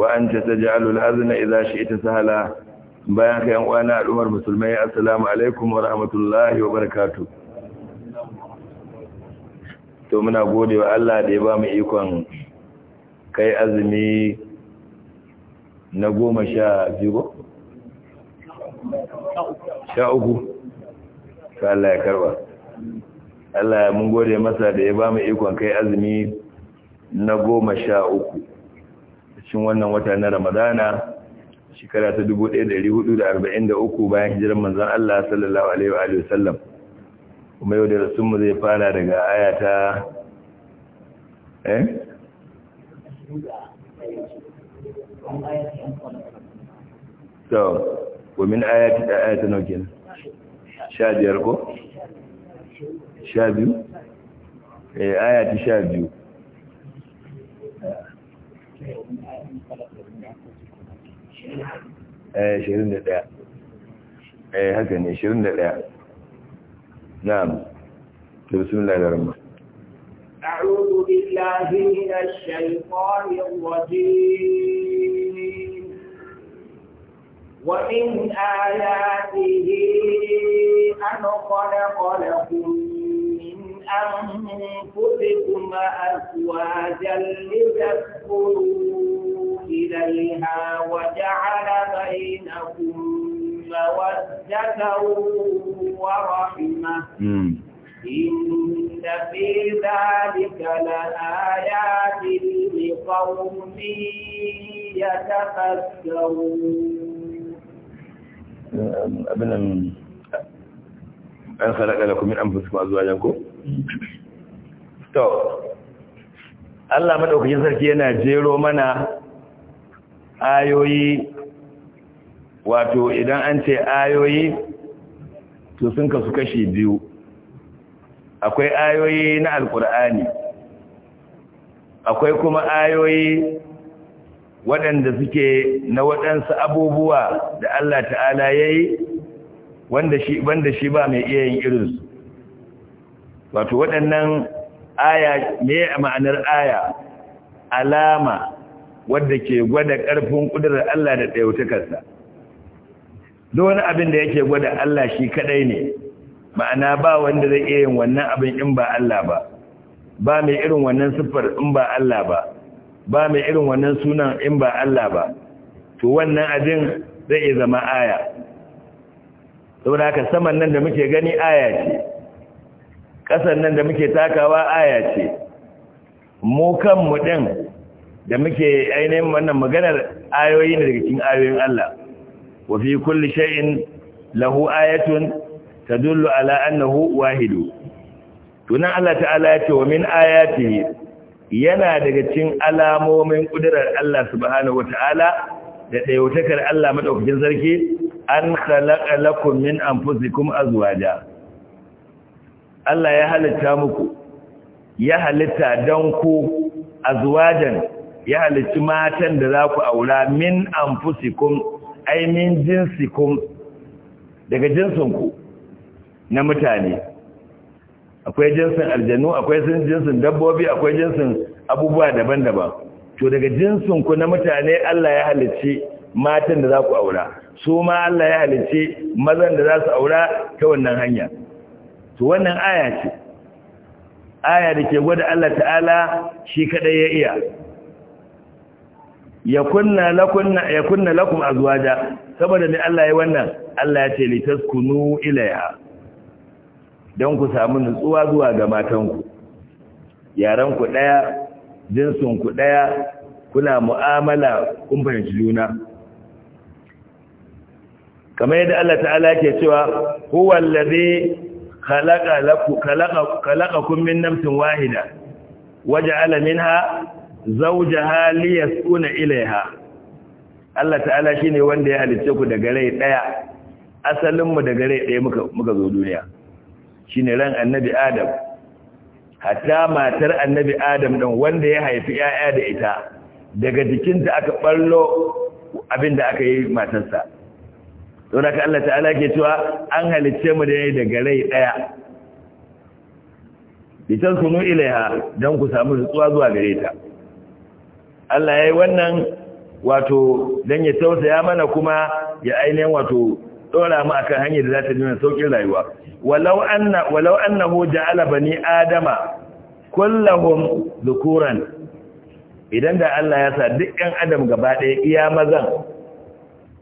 wa anta taj'alul hazna idza shi'ta sahala bayan ka yan uwana al'ummar musulmai assalamu alaikum wa rahmatullahi wa barakatuh to muna gode wa Allah da ya ba mu ikon kai azumi na goma sha biyu sha uku ta Allah ya karba Allah mun gode masa da ya ba mu ikon kai azumi na goma sha uku cikin wannan wata na ramadana shekara ta 1443 bayan hijirar manzon Allah sallallahu alaihi wa alihi sallam kuma yau da mu zai fara daga aya ta eh to wa min ayati da ayatu nawa sha 15 ko 12 eh ayati 12 Eh, eh, haka ne, 21. Na'am, da bismin lalara ma. A'udu billahi min ash-shaytanir rajim. Wa min ayatihi an qad qala أنفسكم أزواجا لتذكروا إليها وجعل بينكم مودة ورحمة إن في ذلك لآيات لقوم يتفكرون أبنا أن خلق لكم من أنفسكم أزواجكم to Allah madaukakin sarki yana jero mana ayoyi wato idan an ce ayoyi to sun kasu kashi biyu akwai ayoyi na alkur'ani akwai kuma ayoyi waɗanda suke na waɗansu abubuwa da Allah ta'ala ya yi wanda shi ba mai iya yin irinsu wato waɗannan aya me ma'anar aya alama wadda ke gwada ƙarfin ƙudurar Allah da ɗayautukarsa duk wani abin da yake gwada Allah shi kaɗai ne ma'ana ba wanda zai iya yin wannan abin in ba Allah ba ba mai irin wannan siffar in ba Allah ba ba mai irin wannan sunan in ba Allah ba to wannan abin zai zama aya saboda haka saman nan da muke gani aya ce ƙasar nan da muke takawa aya ce mu kanmu ɗin da muke ainihin wannan maganar ayoyi ne daga cikin ayoyin Allah wa fi kulli shay'in lahu ayatun tadullu ala annahu wahidu tunan Allah ta'ala ya ce wa min ayatihi yana daga cikin alamomin kudirar Allah subhanahu ta'ala da dayotakar Allah madaukakin sarki an khalaqa lakum min anfusikum azwaja Allah ya halitta muku ya halitta don ku azwajan ya halitta matan da za ku aura min anfusikum ai min jinsikum daga jinsinku na mutane akwai jinsin aljanu akwai jinsin dabbobi akwai jinsin abubuwa daban-daban to daga jinsinku na mutane Allah ya halicci matan da za ku aura su ma Allah ya halicci mazan da za su aura ta wannan hanya to wannan aya ce aya da ke gwada Allah ta'ala shi kadai ya iya ya kunna lakunna ya kunna lakum azwaja saboda ne Allah ya wannan Allah ya ce litaskunu ilaiha don ku samu nutsuwa zuwa ga matanku yaran ku daya jinsun ku daya kuna mu'amala kun fahimci juna kamar yadda Allah ta'ala ke cewa huwa allazi khalaqakum min nafsin wahida ha minha zawjaha liyaskuna ilaiha Allah ta'ala shine wanda ya halicce ku daga rai daya asalin mu daga rai daya muka zo duniya shine ran annabi Adam hatta matar annabi Adam din wanda ya haifi yaya da ita daga jikinta aka ballo abinda aka yi matarsa don haka Allah ta'ala ke cewa an halicce mu da dai daga rai daya bitan sunu ilaiha don ku samu zuwa zuwa gare ta Allah yayi wannan wato dan ya tausaya mana kuma ya ainihin wato dora mu akan hanyar da za ta nuna saukin rayuwa walau anna walau annahu ja'ala bani adama kullahum dhukuran idan da Allah ya sa dukkan adam gaba ɗaya iya mazan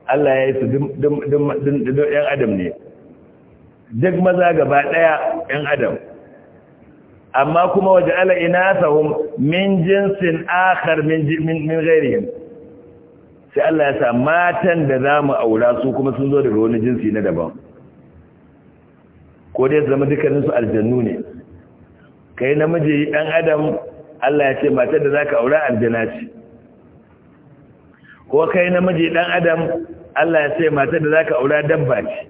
Allah ya yi su ɗin ‘yan adam ne duk maza gaba ɗaya ‘yan adam amma kuma waje ala ina sahun min jinsin akar min gairihim sai Allah ya sa matan da za mu aura su kuma sun zo daga wani jinsi na daban ko dai zama dukkaninsu aljannu ne kai namiji ɗan adam Allah ya ce matar da za ka aura aljana ce ko kai namiji dan adam Allah ya ce matar da zaka aura dabba ce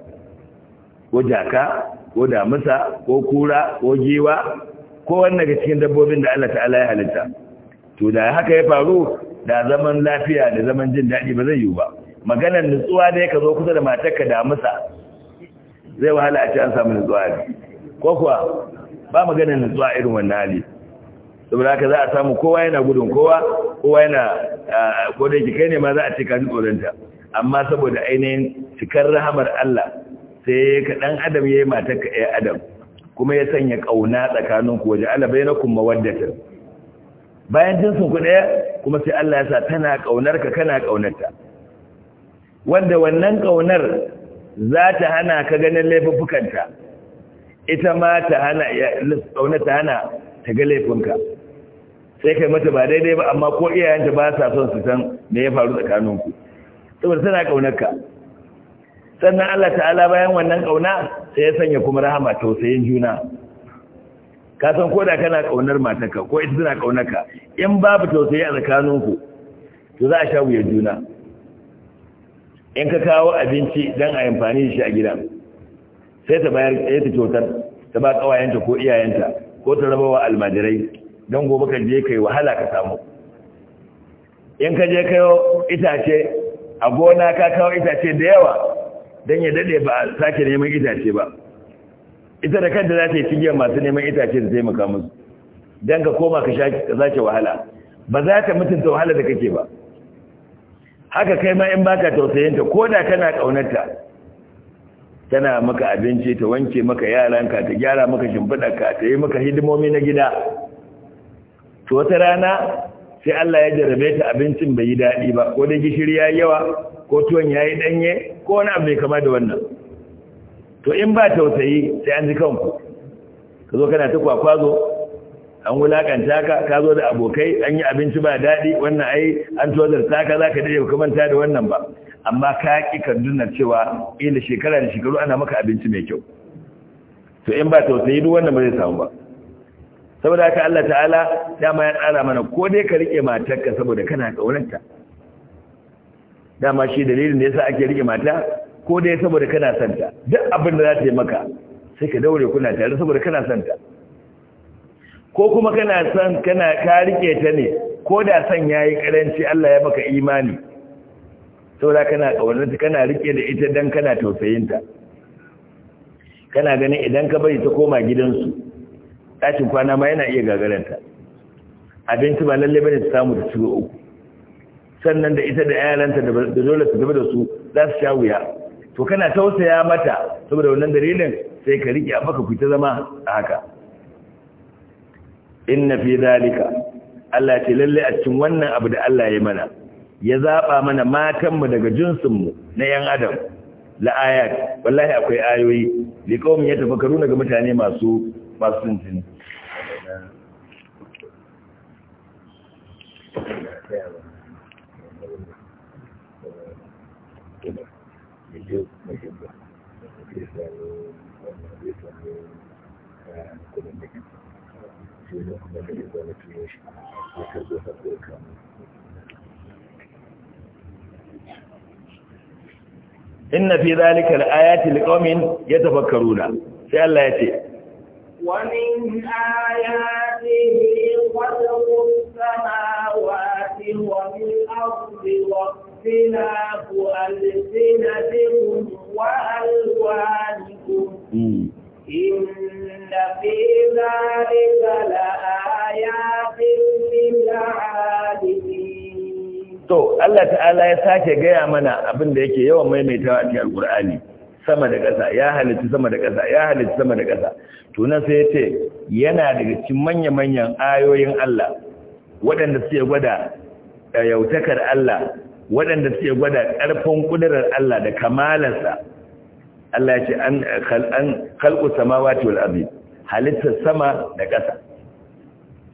ko jaka ko damisa ko kura ko giwa ko wannan ga cikin dabbobin da Allah ta'ala ya halitta to da haka ya faru da zaman lafiya da zaman jin daɗi ba zai yiwu ba maganar nutsuwa da ka zo kusa da matarka damisa zai wahala a ce an samu nutsuwa ko kuwa ba maganar nutsuwa irin wannan hali saboda haka za a samu kowa yana gudun kowa kowa yana ko da kai ne ma za a ce ka tsoronta amma saboda ainihin cikar rahamar Allah sai ka dan adam yayi matar ka adam kuma ya sanya kauna tsakanin ku waje Allah bainakum bayan jinsin ku daya kuma sai Allah ya sa tana kaunar ka kana kaunarta wanda wannan kaunar za ta hana ka ganin laifuffukanta ita ma ta hana kaunar ta hana ta ga laifinka sai kai mata ba daidai ba amma ko iyayenta ba sa son su san me ya faru tsakaninku saboda tana kaunarka sannan Allah ta'ala bayan wannan kauna sai ya sanya kuma rahama tausayin juna ka san koda kana kaunar matarka ko ita tana kaunarka in babu tausayi a tsakaninku to za a sha wuya juna in ka kawo abinci dan a amfani da shi a gida sai ta bayar ta kyautar ta ba kawayenta ko iyayenta ko ta rabawa almajirai don gobe ka je kai wahala ka samu in ka je kayo itace a gona ka kawo itace da yawa don ya dade ba a sake neman itace ba ita da kanta za ta yi cigiyar masu neman itace da taimaka musu don ka koma ka sake wahala ba za ta mutunta wahala da kake ba haka kai ma in baka tausayinta ko da kana kaunarta tana maka abinci ta wanke maka yaranka ta gyara maka shimfiɗarka ta yi maka hidimomi na gida to wata rana sai Allah ya jarabe ta abincin bai yi daɗi ba ko dai gishiri ya yawa ko tuwon ya yi ɗanye ko wani abu mai kama da wannan to in ba tausayi sai an ji kanku ka zo kana ta kwakwazo an wulakanta ka ka zo da abokai an yi abinci ba daɗi wannan ai an tozarta ka za ka daɗe ka manta da wannan ba amma ka ƙi duna cewa ila shekara da shekaru ana maka abinci mai kyau to in ba tausayi duk wannan ba zai samu ba saboda haka Allah ta'ala dama ya tsara mana ko dai ka rike matarka saboda kana kaunarta dama shi dalilin da yasa ake rike mata ko dai saboda kana santa duk abin da za ta yi maka sai ka daure kuna tare saboda kana santa ko kuma kana san kana ka rike ta ne ko da san yayi karanci Allah ya maka imani saboda kana kaunarta kana rike da ita dan kana tausayinta kana ganin idan ka bari ta koma gidansu ɗakin kwana ma yana iya gagaranta abinci ba lalle bane ta samu da shigo uku sannan da ita da yaranta da dole su gaba da su za su sha wuya to kana tausaya mata saboda wannan dalilin sai ka riƙe a baka fita zama a haka inna fi zalika Allah ce lalle a cikin wannan abu da Allah ya mana ya zaɓa mana matanmu daga jinsinmu na yan adam la ayat wallahi akwai ayoyi tafi yatafakkaruna ga mutane masu إن في ذلك الآيات لقوم يتفكرون سأل الله يتفكرون ومن آياته خلق السماوات والأرض واختلاف ألسنتكم وألوانكم إن في ذلك لآيات للعالمين To, Allah ta'ala ya sake gaya mana abin da yake yawan maimaitawa a cikin Al'ur'ani. sama da ƙasa ya halitta sama da ƙasa ya halitta sama da ƙasa to sai yace yana daga cikin manya-manyan ayoyin Allah waɗanda suke gwada eh, yautakar Allah waɗanda suke gwada ƙarfin kudurar Allah da kamalarsa Allah ya ce an khalqu samawati wal ardi halitta sama da ƙasa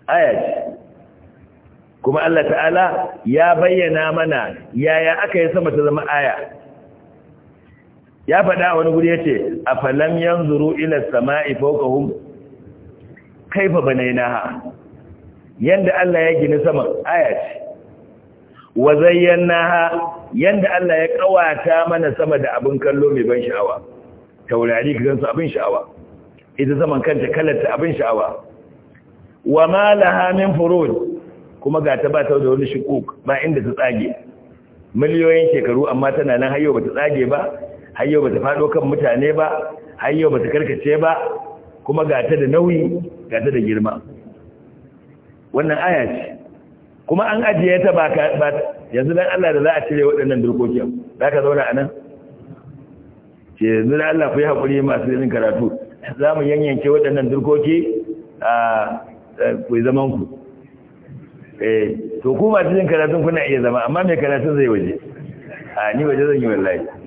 aya ce kuma Allah ta'ala ya bayyana mana yaya aka yi sama ta zama aya ya fada wani guri ya ce a falam yan zuru ila sama'i fokahun kaifa banainaha yanda Allah ya gini saman aya ce wa zayyanaha yanda Allah ya kawata mana sama da abin kallo mai ban sha'awa taurari ka gansu abin sha'awa ita saman kanta kalarta abin sha'awa wa ma laha min furud kuma ga ta ba ta da wani shukuk ba inda ta tsage miliyoyin shekaru amma tana nan hayo ba ta tsage ba har yau ba ta faɗo kan mutane ba har yau ba ta karkace ba kuma ga ta da nauyi ga ta da girma wannan aya ce kuma an ajiye ta ba yanzu dan Allah da za a cire waɗannan dokokin za ka zauna a nan ce yanzu da Allah ku yi haƙuri masu yin karatu za mu yanyanke waɗannan dukoki a ku zaman ku eh to ku masu yin karatun kuna iya zama amma mai karatun zai waje a ni waje zan yi wallahi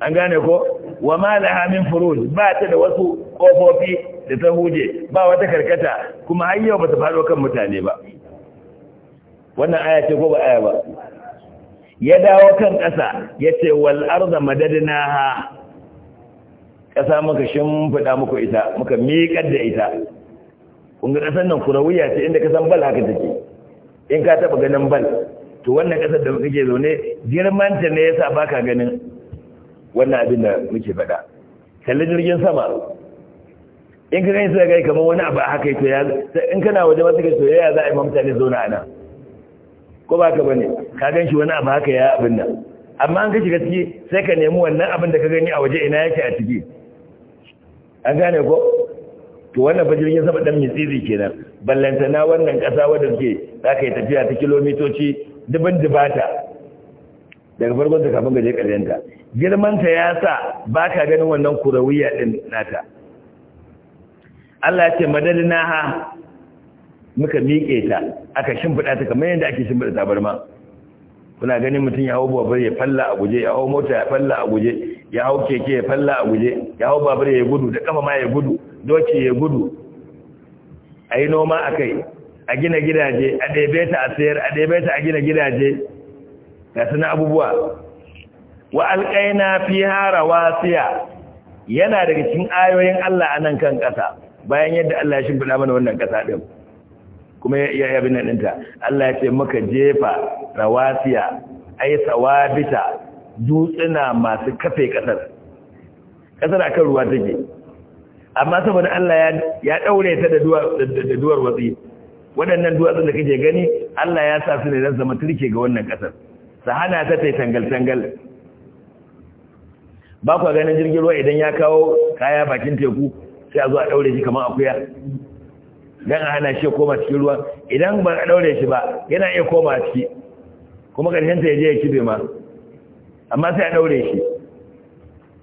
an gane ko wa ma laha min furuj ba ta da wasu kofofi da ta huje ba wata karkata kuma har yau ba ta faɗo kan mutane ba wannan aya ce ko ba aya ba ya dawo kan ƙasa ya ce wal arda madadnaha ƙasa muka shimfiɗa muku ita muka miƙar da ita kun ga ƙasar nan kurawiya ce inda kasan bal haka take in ka taɓa ganin bal to wannan ƙasar da kake zaune girmanta ne yasa baka ganin wannan abin da muke faɗa kalli jirgin sama in ka gani sai gani kamar wani abu a haka to ya in kana waje masu kai ya za a yi ma mutane zauna a nan ko ba ka bane ka gan shi wani abu haka ya abin nan amma an ka shiga ciki sai ka nemi wannan abin da ka gani a waje ina yake a ciki an gane ko to wannan jirgin sama dan tsizi kenan ballantana wannan kasa wadda ke za ka yi tafiya ta kilomitoci dubin dubata daga farkon ta kafin gaje ƙaryanta girmanta ya sa ba ka ganin wannan kurawiya ɗin nata Allah ya ce madalina ha muka miƙe ta aka shimfiɗa ta kamar yadda ake shimfiɗa barma kuna ganin mutum ya hau babur ya falla a guje ya hau mota ya falla a guje ya hau keke ya falla a guje ya hau babur ya gudu da kafa ma ya gudu doki ya gudu a yi noma a kai a gina gidaje a ɗebe ta a sayar a ɗebe ta a gina gidaje ga suna abubuwa wa alƙaina fi hara wasiya yana daga cikin ayoyin Allah a nan kan ƙasa bayan yadda Allah ya shimfiɗa mana wannan ƙasa ɗin kuma ya yabi na dinta. Allah ya ce maka jefa rawasiya ai sawabita dutsuna masu kafe ƙasar ƙasar akan ruwa take amma saboda Allah ya ɗaure ta da duwar watsi waɗannan duwatsun da kake gani Allah ya sa su ne zan zama turke ga wannan ƙasar su hana ta ta tangal-tangal ba kwa ganin jirgin ruwa idan ya kawo kaya bakin teku sai a zo a ɗaure shi kamar akuya don a hana shi koma cikin ruwa idan ba a ɗaure shi ba yana iya koma ciki kuma ƙarshen ya je ya kibe ma amma sai a ɗaure shi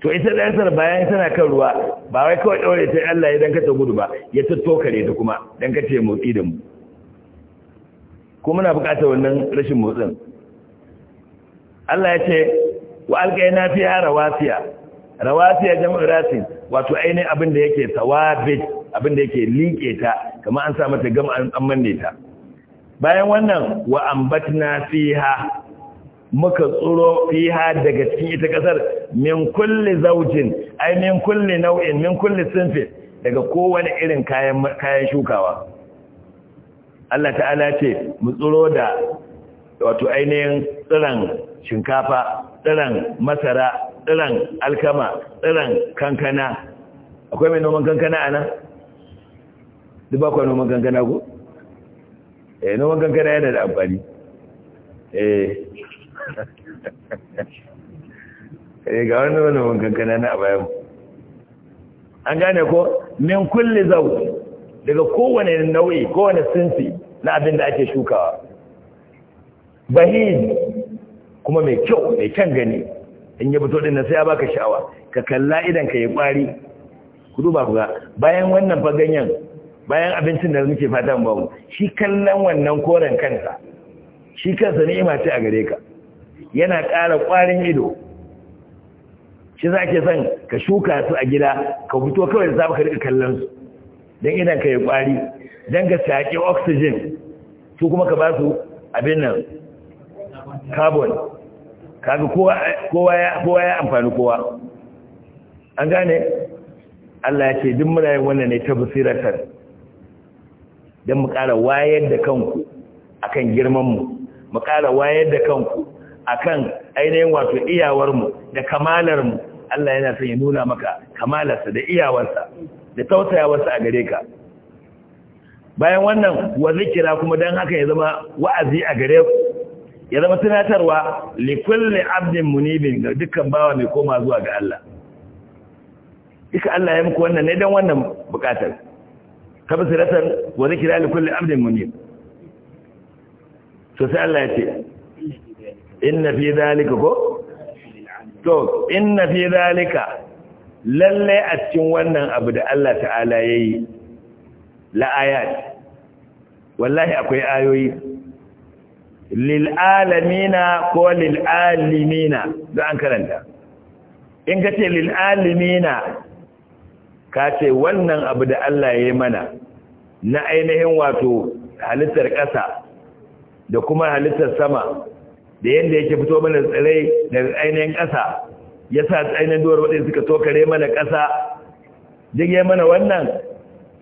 to ita ɗansar bayan tana kan ruwa ba wai kawai ɗaure ta Allah ya danka ta gudu ba ya kare ta kuma danka ce motsi da mu kuma na buƙatar wannan rashin motsin Allah ya ce wa alƙaina fiha rawafiya rawafiya jam'u rasin wato ainihin abin da yake tawabit abin da yake liƙe ta kamar an sa mata gama an manne ta bayan wannan wa ambatna fiha muka tsuro fiha daga cikin ita kasar min kulli zaujin ai min kulli nau'in min kulli sinfi daga kowane irin kayan kayan shukawa Allah ta'ala ce mu tsuro da wato ainihin tsiran shinkafa tsiran masara tsiran alkama tsiran kankana akwai mai noman kankana a nan? kwa noman kankana ku? eh noman kankana yana da amfani eh, eh ga wani noman kankana na abayan an gane ko min kulle zau daga kowane nau'i kowane sinsi na abin da ake shukawa bahin kuma mai kyau mai kyan gani in yi fito din sai ya baka sha'awa ka kalla idan ka yi kwari kudu ba ku bayan wannan faganyen bayan abincin da muke fatan mu. shi kallon wannan koren kansa shi kansa ne ce a gare ka yana ƙara ƙwarin ido shi za ke son ka shuka su a gida ka fito kawai da zaɓa ka rika kallon su don idan ka yi ƙwari don ka shaƙi oxygen su kuma ka ba su abin nan carbon kaga kowa ya amfani kowa an gane Allah ya ce duk muna wannan ne ta basiratar don mu ƙara wayar da kanku akan girmanmu mu ƙara wayar da kanku akan ainihin wato iyawarmu da kamalarmu Allah yana son ya nuna maka kamalarsa da iyawarsa da tausayawarsa a gare ka bayan wannan wa zikira kuma don haka ya zama wa'azi a gare ku ya zama tunatarwa likulli abdin munibin ga dukkan bawa mai koma zuwa ga Allah duka Allah ya muku wannan ne dan wannan bukatar siratan wa zikra likulli abdin munib to sai Allah ya ce inna fi zalika ko to inna fi zalika lalle a cikin wannan abu da Allah ta'ala yayi la ayat wallahi akwai ayoyi lil'alamina ko lil'alimina da an karanta in ka ce lil'alimina ka ce wannan abu da Allah ya yi mana na ainihin wato halittar ƙasa da kuma halittar sama da yadda yake fito mana tsirai daga ainihin ƙasa ya sa ainihin duwar waɗanda suka tokare mana ƙasa duk ya mana wannan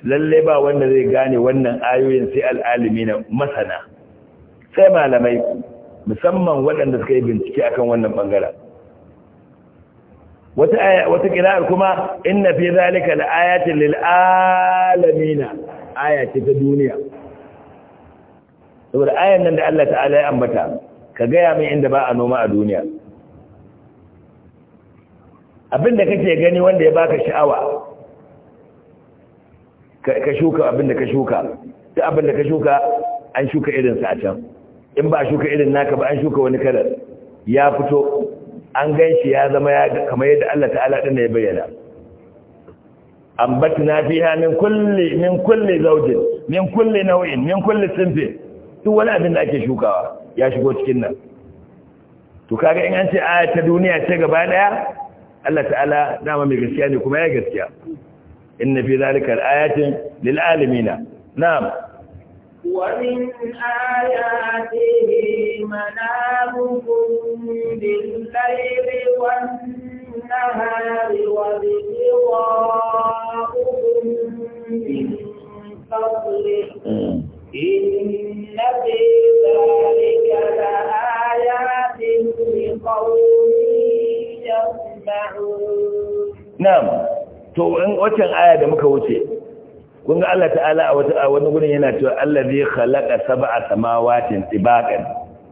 lalle ba wanda zai gane wannan ayoyin sai al'alimina masana sai malamai musamman waɗanda suka yi bincike akan wannan bangaren wata wata kuma inna fi zalika laayatin lil alamin aya ce ta duniya saboda ayan nan da Allah ta'ala ya ambata ka gaya min inda ba a noma a duniya abinda kake gani wanda ya baka sha'awa ka shuka abinda ka shuka ta abinda ka shuka an shuka irinsa a can in ba shuka irin naka ba an shuka wani kalar ya fito an gan shi ya zama ya kamar yadda Allah ta'ala din ya bayyana ambatna fiha min kulli min kulli zawjin min kulli naw'in min kulli sinfin duk wani abin da ake shukawa ya shigo cikin nan to kaga in an ce aya ta duniya ce gaba daya Allah ta'ala dama mai gaskiya ne kuma ya gaskiya inna fi zalika ayatin lil alamin na'am wa min ayatin منامكم بالليل والنهار وابتغاؤكم من فضله إن في ذلك لآيات لقوم يسمعون نعم to in waccan aya da muka wuce kun ga Allah ta'ala a wani gurin yana cewa allazi khalaqa sab'a samawati tibaqan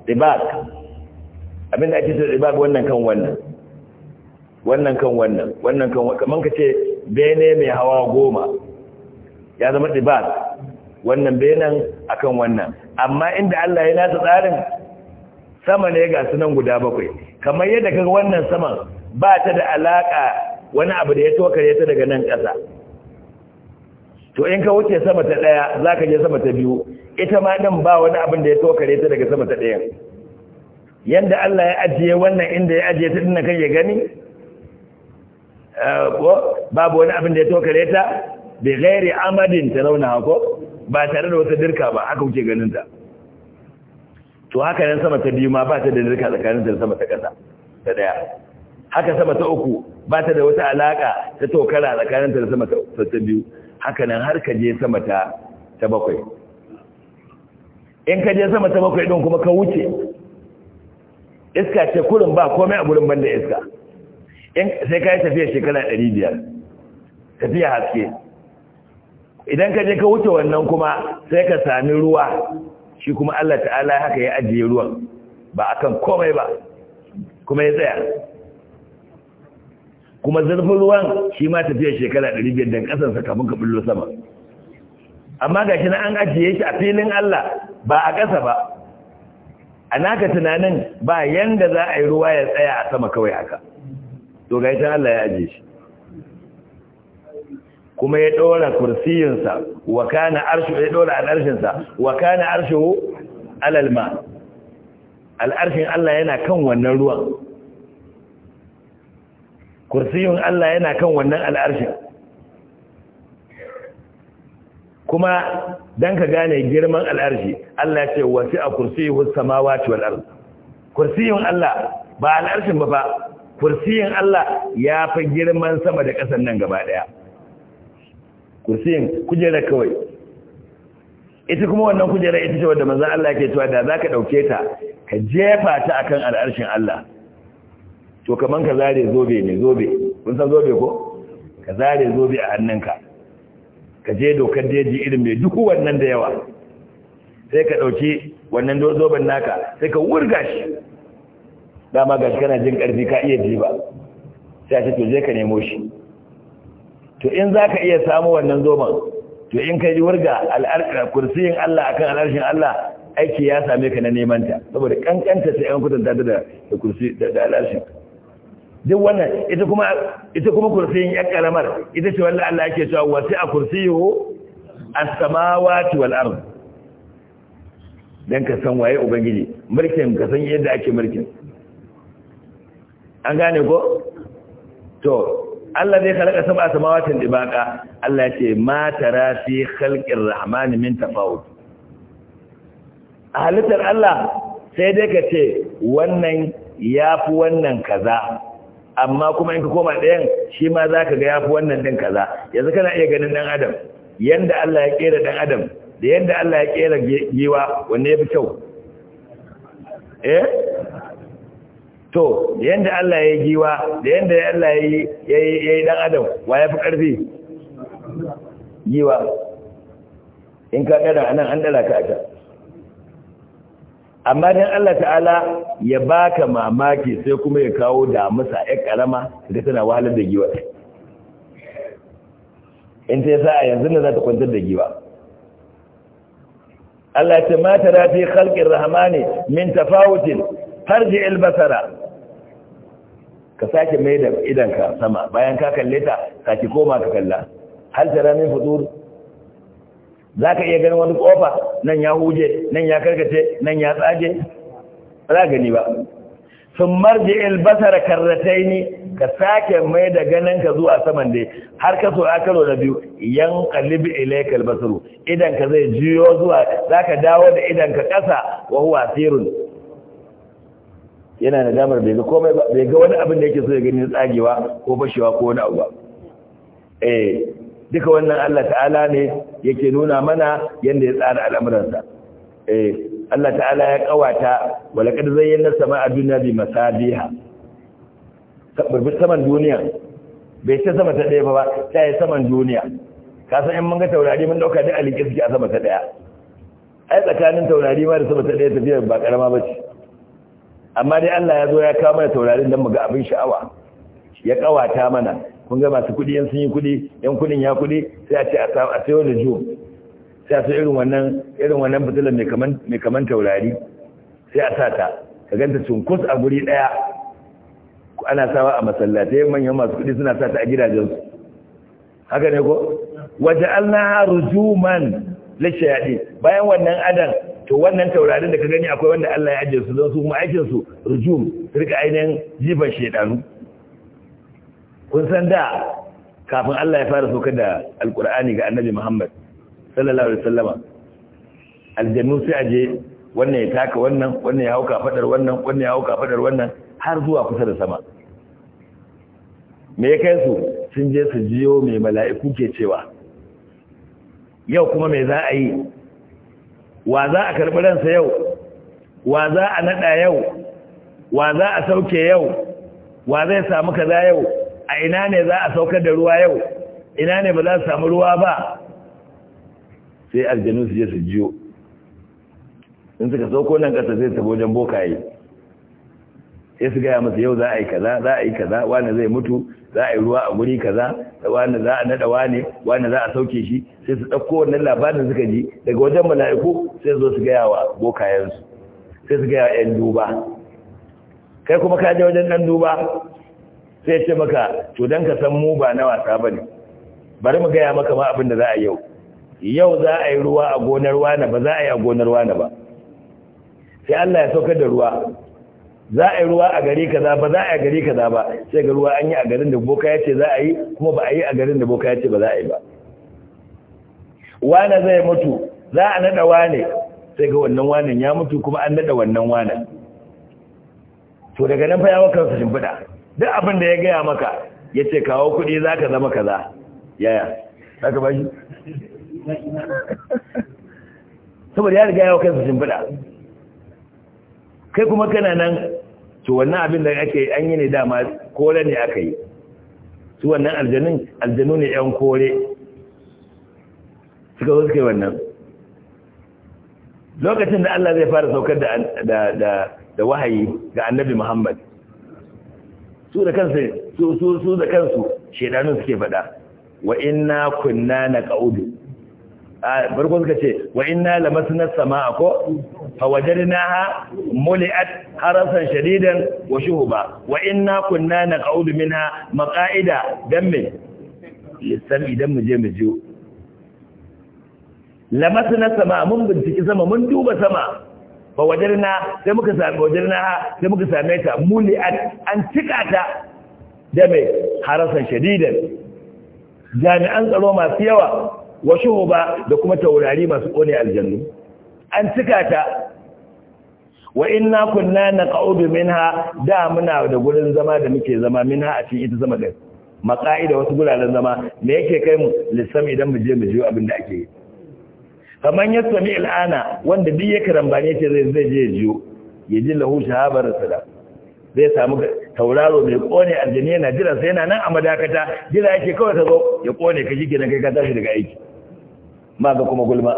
ribak abinda ake ce ribak wannan kan wannan wannan kan wannan wannan kan kaman ka bene mai hawa goma ya zama ribak wannan benen akan wannan amma inda Allah ya nasa tsarin sama ne ga sunan guda bakwai kamar yadda kaga wannan saman ba ta da alaka wani abu da ya tokare ta daga nan ƙasa to in ka wuce sama ta ɗaya zaka je sama ta biyu ita ma ɗin ba wani abin da ya tokare ta daga sama ta ɗaya yadda Allah ya ajiye wannan inda ya ajiye ta dinna kan ya gani eh, babu wani abin da ya tokare ta bai gairi amadin ta rauna ko ba tare da wata dirka ba haka kuke ganin ta to haka nan sama ta biyu ma ba ta da dirka tsakanin ta sama ta kasa ta ɗaya haka sama ta uku ba ta da wata alaka ta tokara tsakaninta da sama ta biyu haka nan har ka je sama ta ta bakwai in ka je sama ta bakwai ɗin kuma ka wuce iska ce kurin ba komai a gurin banda iska sai ka yi tafiya shekara 500 biyar tafiya haske idan ka je ka wuce wannan kuma sai ka sami ruwa shi kuma Allah ta'ala haka ya ajiye ruwan ba akan komai ba kuma ya tsaya kuma zurfin ruwan shi ma tafiya shekara 500 don kasansa kafin ka bullo sama amma ga shi na an ajiye shi a filin Allah ba a ƙasa ba a naka tunanin ba yanda za a yi ruwa ya tsaya a sama kawai haka to ga ita Allah ya aje shi kuma ya ɗora kursiyinsa wa kana arshu ya ɗora al'arshinsa wa kana arshu alalma al'arshin Allah yana kan wannan ruwan kursiyin Allah yana kan wannan al'arshin kuma dan ka gane girman al'arshi Allah ce wasi a kursiyuhu samawati wal ard kursiyun Allah ba al'arshin ba fa kursiyun Allah ya fa girman sama da ƙasan nan gaba daya kursiyin kujera kawai ita kuma wannan kujera ita ce wadda manzon Allah yake cewa da zaka dauke ta ka jefa ta akan al'arshin Allah to kaman ka zare zobe ne zobe kun san zobe ko ka zare zobe a hannunka ka je dokar daji irin mai duk wannan da yawa sai ka ɗauki wannan zoben naka sai ka wurga shi dama ga kana jin ƙarfi ka iya ji ba sai a to je ka nemo shi to in za ka iya samu wannan zoben to in ka yi wurga kursiyin Allah akan alarshin Allah aiki ya same ka na neman ta saboda kankanta sai an kutanta da kursi da alarshin duk wannan ita kuma ita kuma kursiyin yan karamar ita ce wallahi Allah yake cewa wasi a kursiyo as-samawati wal ard dan ka san waye ubangiji mulkin ka san yadda ake mulkin an gane ko to Allah zai khalaqa sab'a samawatin dibaka, Allah ce ma tara fi khalqir rahmani min tafawut halittar Allah sai dai ka ce wannan yafi wannan kaza amma kuma in ka koma ɗayan shi ma za ka ga ya fi wannan ɗin kaza yanzu kana iya ganin ɗan adam yanda Allah ya ƙera ɗan adam da yanda Allah ya ƙera giwa wanne ya fi kyau eh to yanda Allah ya giwa da yanda Allah ya yi ɗan adam wa ya fi ƙarfi giwa in ka ɗara anan an ɗara ka a amma dan Allah ta'ala ya baka mamaki sai kuma ya kawo da masa ya karama da tana wahalar da giwa in ta yasa a yanzu na za ta kwantar da giwa Allah ta ma da fi khalqir rahmani min tafawutin farji albasara ka sake mai da idanka sama bayan ka kalle ta sake koma ka kalla hal tara min za ka iya ganin wani kofa nan ya huje nan ya karkace nan ya tsaje ba za gani ba sun marje albasar karratai ne ka sake mai da ganin ka zuwa saman dai har ka so akalo na biyu yan kalibi ilaika albasaru idan ka zai jiyo zuwa za ka dawo da idan ka kasa wa huwa sirun yana da damar bai ga komai ba bai ga wani abin da yake so ya gani tsagewa ko fashewa ko wani abu ba eh duka wannan Allah ta'ala ne yake nuna mana yanda ya tsara al'amuransa eh Allah ta'ala ya kawata walaqad zayyana sama'a dunya bi masabiha sabbi saman duniya bai ce sama ta daya ba ta yi saman duniya ka san in mun ga taurari mun dauka duk alƙi suke a sama ta daya ai tsakanin taurari ma da sama ta daya tafiya ba karama bace amma dai Allah ya zo ya kawo mana taurarin dan mu ga abin sha'awa ya kawata mana kun ga masu kuɗi yan sun yi kuɗi yan kuɗin ya kuɗi sai a ce a sayo da jo sai a sayo irin wannan irin wannan fitilar mai kaman mai kaman taurari sai a sa ta ka ganta cunkus a guri ɗaya ana sawa a masallata, masallatai manyan masu kuɗi suna sa ta a gidajensu haka ne ko waje alna rujuman lishayaɗi bayan wannan adan to wannan taurarin da ka gani akwai wanda Allah ya ajiye su don su kuma aikinsu rujum su rika ainihin jifan shaidanu kun san da kafin Allah ya fara saukar da alkur'ani ga annabi Muhammad sallallahu alaihi wasallam aljannu sai aje wannan ya taka wannan wannan ya hauka fadar wannan wannan ya hauka fadar wannan har zuwa kusa da sama me ya kai su sun je su jiyo mai mala'iku ke cewa yau kuma me za a yi wa za a karɓi ransa yau wa za a naɗa yau wa za a sauke yau wa zai samu kaza yau a ina ne za a saukar da ruwa yau ina ne ba za su samu ruwa ba sai aljanu su je su jiyo in suka sauko nan kasa sai su wajen bokaye sai su gaya masa yau za a yi kaza za a yi kaza wani zai mutu za a yi ruwa a guri kaza wani za a nada wani wani za a sauke shi sai su ɗauko wannan labarin suka ji daga wajen mala'iku sai zo su gaya wa bokayensu sai su gaya wa 'yan duba kai kuma ka je wajen ɗan duba sai ce maka to dan ka san mu ba na wasa bane bari mu gaya maka ma abin da za a yau yau za a yi ruwa a gonar wane ba za a yi a gonar wane ba sai Allah ya saukar da ruwa za a yi ruwa a gari kaza ba za a yi a gari kaza ba sai ga ruwa an yi a garin da boka ya ce za a yi kuma ba a yi a garin da boka ya ce ba za a yi ba wani zai mutu za a naɗa wane sai ga wannan wani ya mutu kuma an naɗa wannan wani to daga nan fa ya wakansa shimfiɗa duk abin da ya gaya maka ya ce kawo kuɗi za ka zama kaza yaya za ka bashi saboda ya riga yawa kansa shimfiɗa kai kuma kana nan to wannan abin da ake an yi ne dama kore ne aka yi su wannan aljanun aljanu ne yan kore suka zo suka yi wannan lokacin da Allah zai fara saukar da wahayi ga annabi Muhammad su da kansu su su su da kansu shedanun suke faɗa wa inna kunna naqaudu a barko suka ce wa inna lamasna samaa ko fa wajadnaha muliat harasan shadidan wa shuhuba wa inna kunna naqaudu minha maqaida damme lisan idan mu je mu je lamasna samaa mun binciki sama mun duba sama ba wajarna sai muka sami wajarna sai muka same ta muli an cika ta da mai harasan shadidan jami'an tsaro masu yawa wa shuhuba da kuma taurari masu kone aljannu an cika ta wa inna kunna naqa'udu minha da muna da gurin zama da muke zama minha a cikin ita zama din maqaida wasu guraren zama me yake kai mu lissam idan mu je mu ji abin da ake yi kamar ya sami al'ana wanda duk ya karambane ce zai zai je jiyo ya ji lahu shahabar rasula zai samu tauraro mai kone aljani yana jira sai yana nan a madakata jira yake kawai ta zo ya kone ka shike kai ka tashi daga aiki ma ga kuma gulma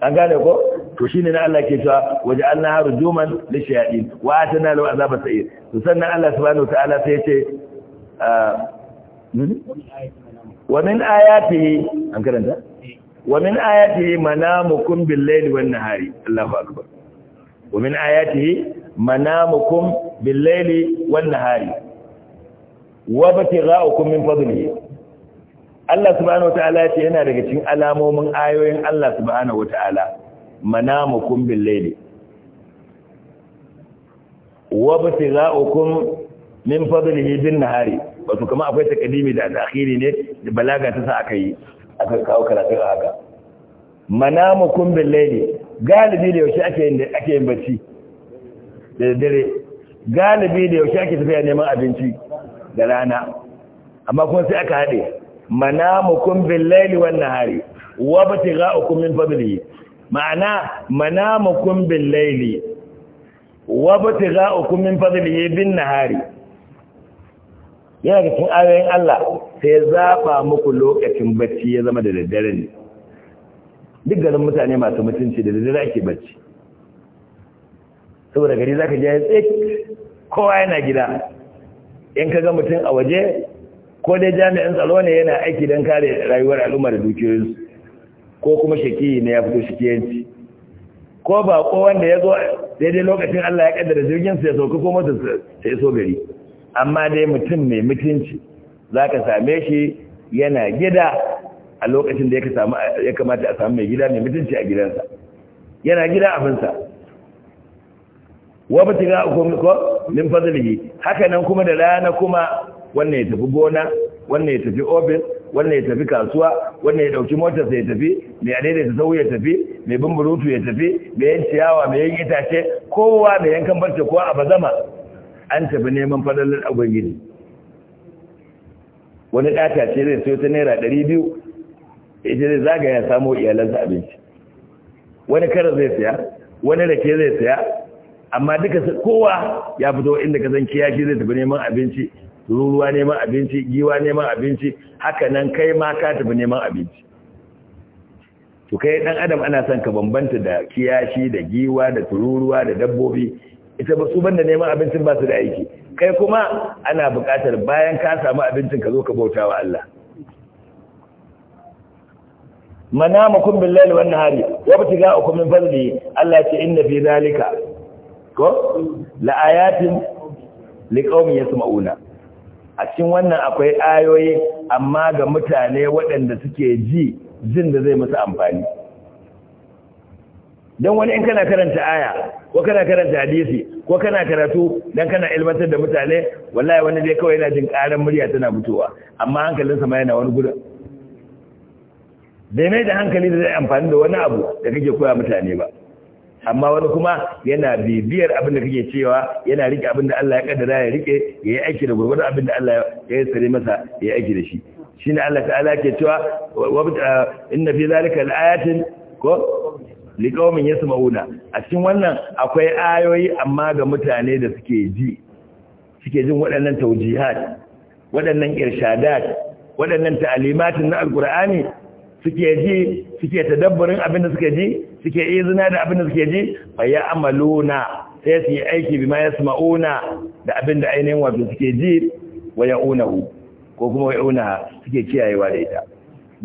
an gane ko to shine na Allah ke cewa waje Allah haru juman li shayatin wa atana lahu azaba sa'ir to sannan Allah subhanahu wa ta'ala sai ya ce ah, hmm? wa min ayatihi an karanta wa min ayatihi manamukum bil-laili wan-nahari Allahu akbar wa min ayatihi manamukum bil-laili wan-nahari wa batiga'ukum min fadlihi Allah subhanahu ta'ala ce yana daga cikin alamomin ayoyin Allah subhanahu wata'ala manamukum bil-laili wa batiga'ukum min fadlihi bin-nahari wato kuma akwai takadimi da ta'khiri ne da balaga ta sa aka yi aka kawo karatun a haka manamu kumbin laili galibi da yaushe ake yin bacci da dare galibi da yaushe ake tafiya neman abinci da rana amma kuma sai aka haɗe manamu kumbin laili wannan hari wa ba ta ga'ukun ma'ana manamu kumbin laili wa ba ta ga'ukun min fadlihi bin yana da cikin ayoyin Allah sai ya zaba muku lokacin bacci ya zama da daddare ne duk garin mutane masu mutunci da daddare ake bacci saboda gari zaka je tsik kowa yana gida in kaga mutum a waje ko dai jami'in tsaro ne yana aiki don kare rayuwar al'umma da dukiyoyinsu ko kuma shaki ne ya fito shakiyanci ko ba ko wanda ya zo daidai lokacin Allah ya kaddara jirgin sai sauka ko mata sai so gari amma dai mutum mai mutunci za ka same shi yana gida a lokacin da ya kamata a samu mai gida mai mutunci a gidansa yana gida abinsa wa batiga ko min fadlihi haka kuma da rana kuma wannan ya tafi gona wannan ya tafi ofis wannan ya tafi kasuwa wannan ya dauki motar sai ya tafi mai adai sau ya tafi mai bumburutu ya tafi mai yan ciyawa mai yan itace kowa da yankan barce kowa a bazama an tafi neman fadalar ubangiji wani ɗata ce zai siyo ta naira ɗari biyu ita zai zagaya samo iyalansa abinci wani kara zai siya wani rake zai siya amma duka kowa ya fito inda ka san kiyashi zai tafi neman abinci ruruwa neman abinci giwa neman abinci haka nan kai ma ka tafi neman abinci to kai dan adam ana son ka bambanta da kiyashi da giwa da tururuwa da dabbobi ita ba su banda neman abincin ba su da aiki kai kuma ana bukatar bayan ka samu abincin ka zo ka bauta wa Allah manama kun billahi wan nahari wa btiga ukum min fadli Allah ce inna fi zalika ko la ayatin liqaumin yasma'una a cikin wannan akwai ayoyi amma ga mutane waɗanda suke ji jin da zai musu amfani don wani in kana karanta aya ko kana karanta hadisi ko kana karatu dan kana ilmantar da mutane wallahi wani dai kawai yana jin karan murya tana fitowa amma hankalinsa ma yana wani gudun bai mai da hankali da zai amfani da wani abu da kake koya mutane ba amma wani kuma yana bibiyar abin da kake cewa yana rike abin da Allah ya kaddara ya rike ya yi aiki da gurgurda abin da Allah ya tsare masa ya yi aiki da shi shine Allah ta'ala ke cewa inna fi zalika al-ayatin ko liqaumin yasma'una a cikin wannan akwai ayoyi amma ga mutane da suke ji suke jin waɗannan taujihat waɗannan irshadat waɗannan ta'alimatin na alqur'ani suke ji suke tadabburin abin da suke ji suke izina da abin da suke ji fa amaluna sai su yi aiki ma yasma'una da abin da ainihin wato suke ji wa ya'unahu ko kuma wa'unaha suke kiyayewa da ita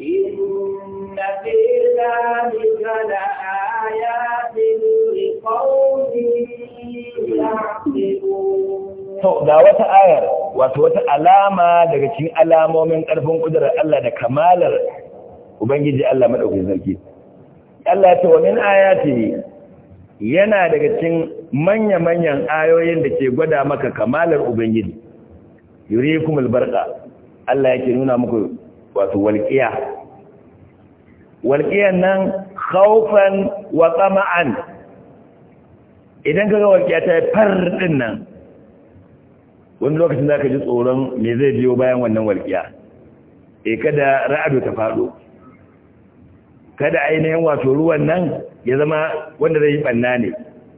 إن في ذلك لآيات لقوم يعقلون To, ga wata ayar, wato wata alama daga cikin alamomin ƙarfin ƙudurar Allah da kamalar Ubangiji Allah maɗaukin sarki. Allah ta wa min ayati yana daga cikin manya-manyan ayoyin da ke gwada maka kamalar Ubangiji. Yurikumul barqa Allah yake nuna muku wato walƙiya walƙiyan nan khaufan wa tsama'an idan kaga walƙiya ta yi farɗin nan wani lokacin za ka ji tsoron me zai biyo bayan wannan walƙiya e kada ra'ado ta faɗo kada ainihin wato ruwan nan ya zama wanda zai yi ɓanna ne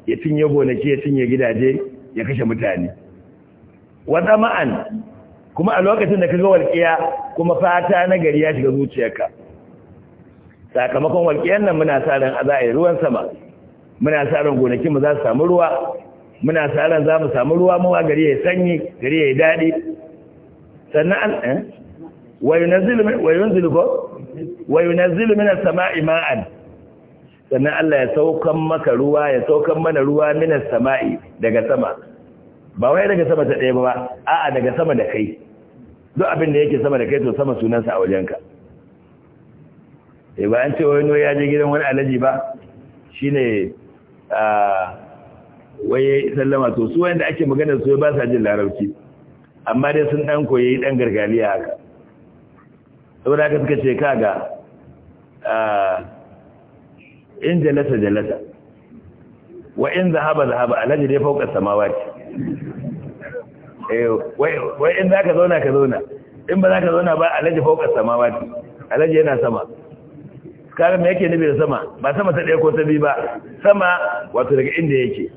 ya cinye gonaki ya cinye gidaje ya kashe mutane wa tsama'an kuma a lokacin da ka ga walƙiya kuma fata na gari ya shiga zuciyarka sakamakon walƙiyar nan muna sa ran za a yi ruwan sama muna sa ran gonakin mu za su samu ruwa muna sa ran za mu samu ruwa mu a gari ya sanyi gari ya yi daɗi sannan an eh? wayunzilu ko wayunzilu min as-sama'i ma'an sannan Allah ya saukan maka ruwa ya saukan mana ruwa min samai daga sama ba wai daga sama ta ɗaya ba a'a daga sama da kai duk abin da yake sama da kai to sama sunansa a wajenka e eh, bayan cewa wani ya je gidan wani alaji ba shine a waye sallama to su wanda ake magana su ba sa jin larabci amma dai sun dan koyi dan gargaliya haka saboda haka suka ce kaga a in jalasa jalasa wa in zahaba zahaba alaji dai fauka samawati Eh, wai in za ka zauna ka zauna in ba za ka zauna ba alaji faukar sama ba alaji yana sama karin yake nufi da sama ba sama ta ɗaya ko ta biyu ba sama wato daga inda yake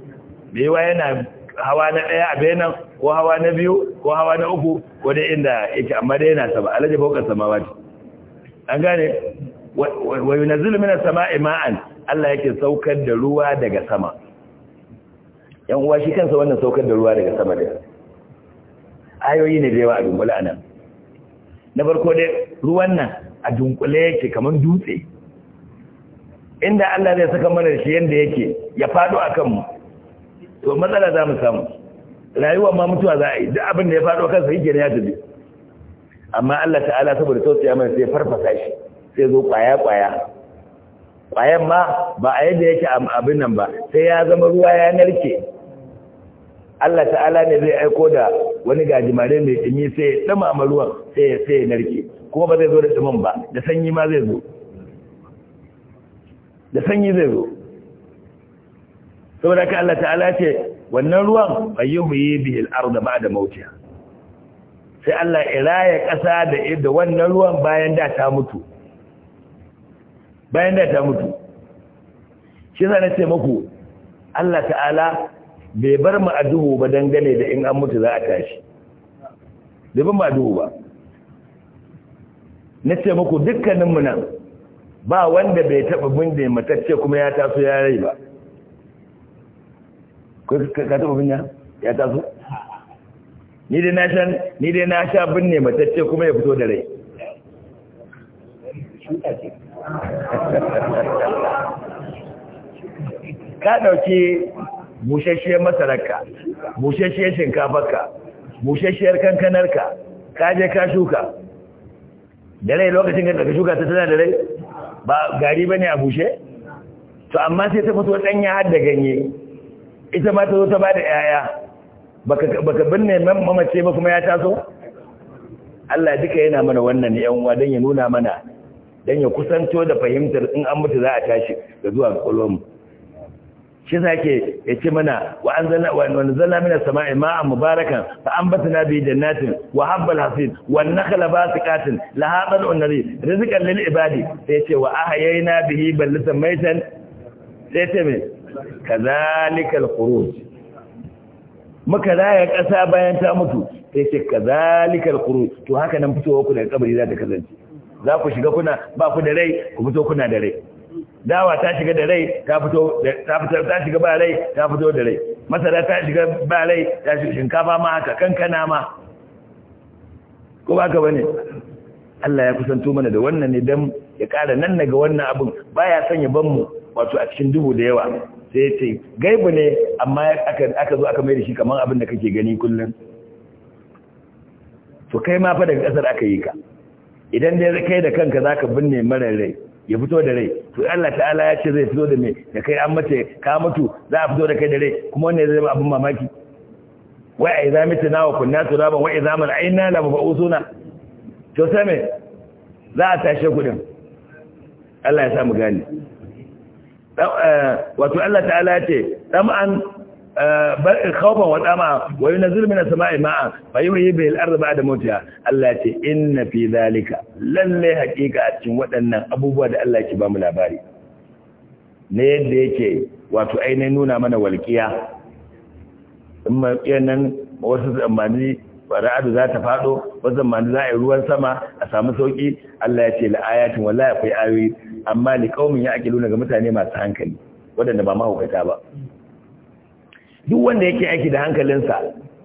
yiwa yana hawa na ɗaya a benin ko hawa na biyu ko hawa na uku ko dai inda yake amma dai yana sama alaji faukar sama ba an gane wa yunazzilu na sama ima'an Allah yake saukar da ruwa daga sama yan uwa shi kansa wannan saukar da ruwa daga sama da ayoyi ne da yawa a dunkule nan na farko dai ruwan nan a dunkule yake kamar dutse inda Allah zai saka mana shi yanda yake ya fado a kanmu to matsala za mu samu rayuwa ma mutuwa za a yi duk abin da ya fado kansa yake ne ya tafi amma Allah ta'ala saboda tausaya mana sai farfasa shi sai zo kwaya kwaya kwayan ma ba a yadda yake abin nan ba sai ya zama ruwa ya narke Allah ta'ala ne zai aiko da wani gajimare mai dumi sai ya dumama ruwan sai ya sai ya narke kuma ba zai zo da dumin ba da sanyi ma zai zo da sanyi zai zo saboda ka Allah ta'ala ce wannan ruwan ayyuhi bihi al-ardh ba'da mautiha sai Allah ya raya ƙasa da da wannan ruwan bayan da ta mutu bayan da ta mutu shi zan ce muku Allah ta'ala bai bar mu a duhu ba dangane da in an mutu za a tashi bai bar mu a duhu ba na ce muku dukkaninmu nan ba wanda bai taɓa binne matacce kuma ya taso ya rai ba ka taɓa bunya ya taso ni dai na shan ni dai na sha binne matacce kuma ya fito da rai ka ɗauki bushashiyar masararka bushashiyar shinkafarka bushashiyar kankanarka ka je ka shuka da rai lokacin da ka shuka ta tana da rai ba gari bane a bushe to amma sai ta fito danya har da ganye ita ma ta zo ta bada yaya baka baka binne mamace ba kuma ya taso Allah duka yana mana wannan ne yan uwa dan ya nuna mana dan ya kusanto da fahimtar in an mutu za a tashi da zuwa mu. shi za ke ya ce mana wani anzalna mina sama'in ma'an mubarakan fa da bi jannatin wa habbal hasid katin, nakhla basiqatin laha bal'un nari lil ibadi sai ce wa na bihi ballatan maitan sai ce mai ka al kuruj muka raya ƙasa bayan ta mutu sai ce ka al kuruj to haka nan fitowa ku daga kabari za ta kasance za ku shiga kuna ba ku da rai ku fito kuna da rai dawa ta shiga da rai ta fito ta ta shiga ba rai ta fito da rai masara ta shiga ba rai ta shiga shinkafa ma haka kankana ma ko ba ka bane Allah ya kusanto mana da wannan ne dan ya kara nan daga wannan abin baya son ya ban mu wato a cikin dubu da yawa sai ce gaibu ne amma aka aka zo aka mai da shi kamar abin da kake gani kullum to kai ma fa daga kasar aka yi ka idan dai kai da kanka zaka binne marar rai ya fito da rai to Allah ta'ala ya ce zai fito da me da kai an mace ka mutu za a fito da kai da rai kuma wannan zai zama abin mamaki wa idza mitna wa kunna turaban wa idza mal aina la mabusuna to sai me za a tashe kudin Allah ya sa mu eh, wato Allah ta'ala ya ce an. khawfan wa dama na yunzilu na sama'i ma'a yi yuhyi bihi al-ardha ba'da mawtiha Allah ce na fi zalika lalle hakika a cikin waɗannan abubuwa da Allah ke ba mu labari Na yadda yake wato ainihin nuna mana walƙiya in ma nan wasu zamani ra'adu za ta faɗo wasu zamani za a yi ruwan sama a samu sauƙi Allah ya ce la'ayatin wallahi akwai ayoyi amma liqaumin ya nuna ga mutane masu hankali waɗanda ba mahaukata ba duk wanda yake aiki da hankalinsa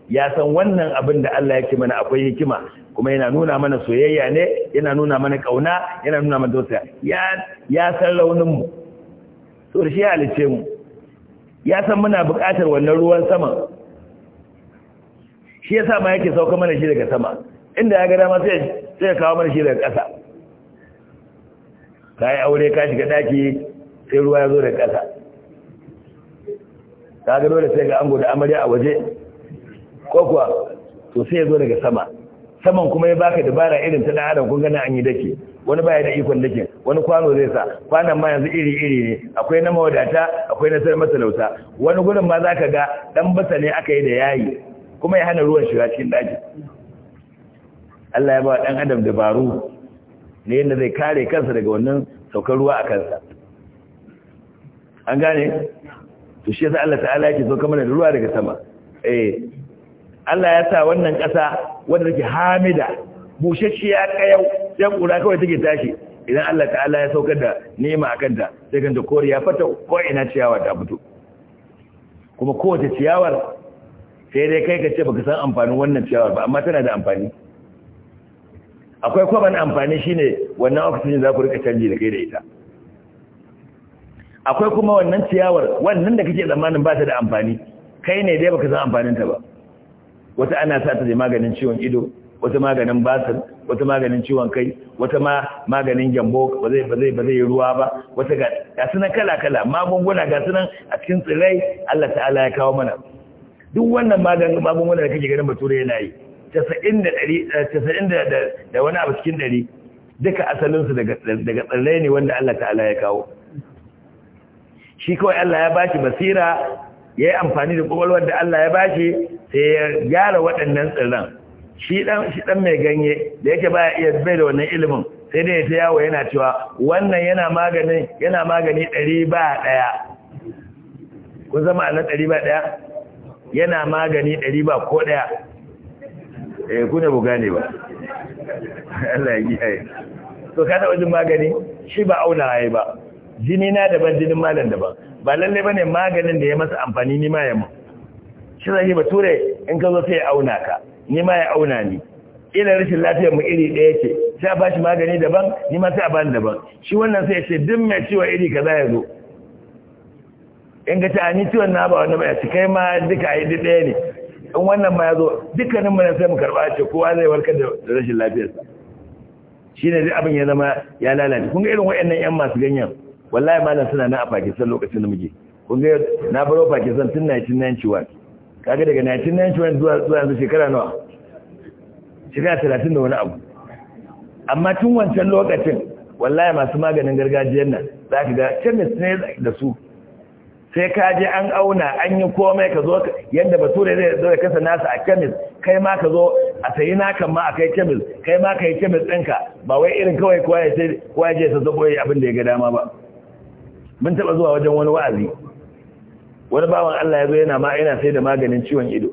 ya san wannan abin da Allah yake mana akwai hikima kuma yana nuna mana soyayya ne yana nuna mana kauna yana nuna mana dosa ya ya san raunin mu to shi ya halice mu ya san muna buƙatar wannan ruwan sama shi yasa ma yake sauka mana shi daga sama inda ya ga dama sai sai kawo mana shi daga ƙasa kai aure ka shiga daki sai ruwa ya zo daga ƙasa ka ga dole sai ga ango da amarya a waje ko kuwa to sai ya zo daga sama saman kuma ya baka dabara irin ta adam kun gana an yi dake wani baya da ikon dake wani kwano zai sa kwanan ma yanzu iri iri ne akwai na mawadata akwai na lauta wani gurin ma zaka ga dan basa ne aka yi da yayi kuma ya hana ruwan shiga cikin daji Allah ya ba dan adam dabaru ne yadda zai kare kansa daga wannan saukar ruwa a kansa an gane to shi yasa Allah ta'ala yake zo kamar da ruwa daga sama eh Allah ya sa wannan ƙasa wanda take hamida bushashiya kayau sai kura kawai take tashi idan Allah ta'ala ya saukar da nema akan ta sai kanta koriya fata ko ina ciyawa ta fito kuma kowace ciyawar sai dai kai ka ce baka san amfanin wannan ciyawar ba amma tana da amfani akwai kwaban amfani shine wannan oxygen za ku rika canji da kai da ita akwai kuma wannan ciyawar wannan da kake zamanin ba ta da amfani kai ne dai baka san amfanin ta ba wata ana sa ta da maganin ciwon ido wata maganin basir wata maganin ciwon kai wata ma maganin gyambo ba zai ba zai ba zai ruwa ba wata ga ga sunan kala kala magunguna ga sunan a cikin tsirai Allah ta'ala ya kawo mana duk wannan maganin magunguna da kake ganin bature yana yi 90 da 100 eh, da wani abu cikin 100 duka asalinsu daga tsirrai ne wanda Allah ta'ala ya kawo shi kawai Allah ya bashi basira ya yi amfani da kwakwalwar da Allah ya bashi sai ya gyara waɗannan tsirran shi ɗan mai ganye da yake baya iya bai da wannan ilimin sai dai ta yawo yana cewa wannan yana magani yana magani ɗari ba ɗaya kun zama a nan ɗari ba ɗaya yana magani ɗari ba ko ɗaya eh ku ne bu gane ba Allah ya yi to kada wajen magani shi ba auna ya ba jini na daban jinin malam daban ba lalle bane maganin da ya masa amfani ni ma ya mu shi zai ba ture in ka zo sai ya auna ka ni ma ya auna ni ila rashin lafiyar mu iri daya ce sai a bashi magani daban ni ma sai a bani daban shi wannan sai ya ce duk mai ciwo iri kaza ya zo in ga ta ni ciwon na ba wanda ba ya ci kai ma duka ai duk daya ne in wannan ma ya zo dukkanin mu sai mu karba ce kowa zai warkar da rashin lafiyarsa shi ne abin ya zama ya lalace kun ga irin waɗannan 'yan masu ganyen wallahi malam suna nan a Pakistan lokacin da muke kun ga na baro Pakistan tun 1991 kage daga 1991 zuwa zuwa yanzu shekara nawa shekara 30 da wani abu amma tun wancan lokacin wallahi masu maganin gargajiyar nan za ka ga chemist ne da su sai ka je an auna an yi komai ka zo yadda bature zai zo ya kasa nasa a kemis kai ma ka zo a sayi kan ma a kai kemis kai ma ka yi kemis ɗinka ba wai irin kawai kowa ya ce sa zaɓo abin da ya ga dama ba mun taba zuwa wajen wani wa'azi wani bawan Allah ya zo yana ma yana sai da maganin ciwon ido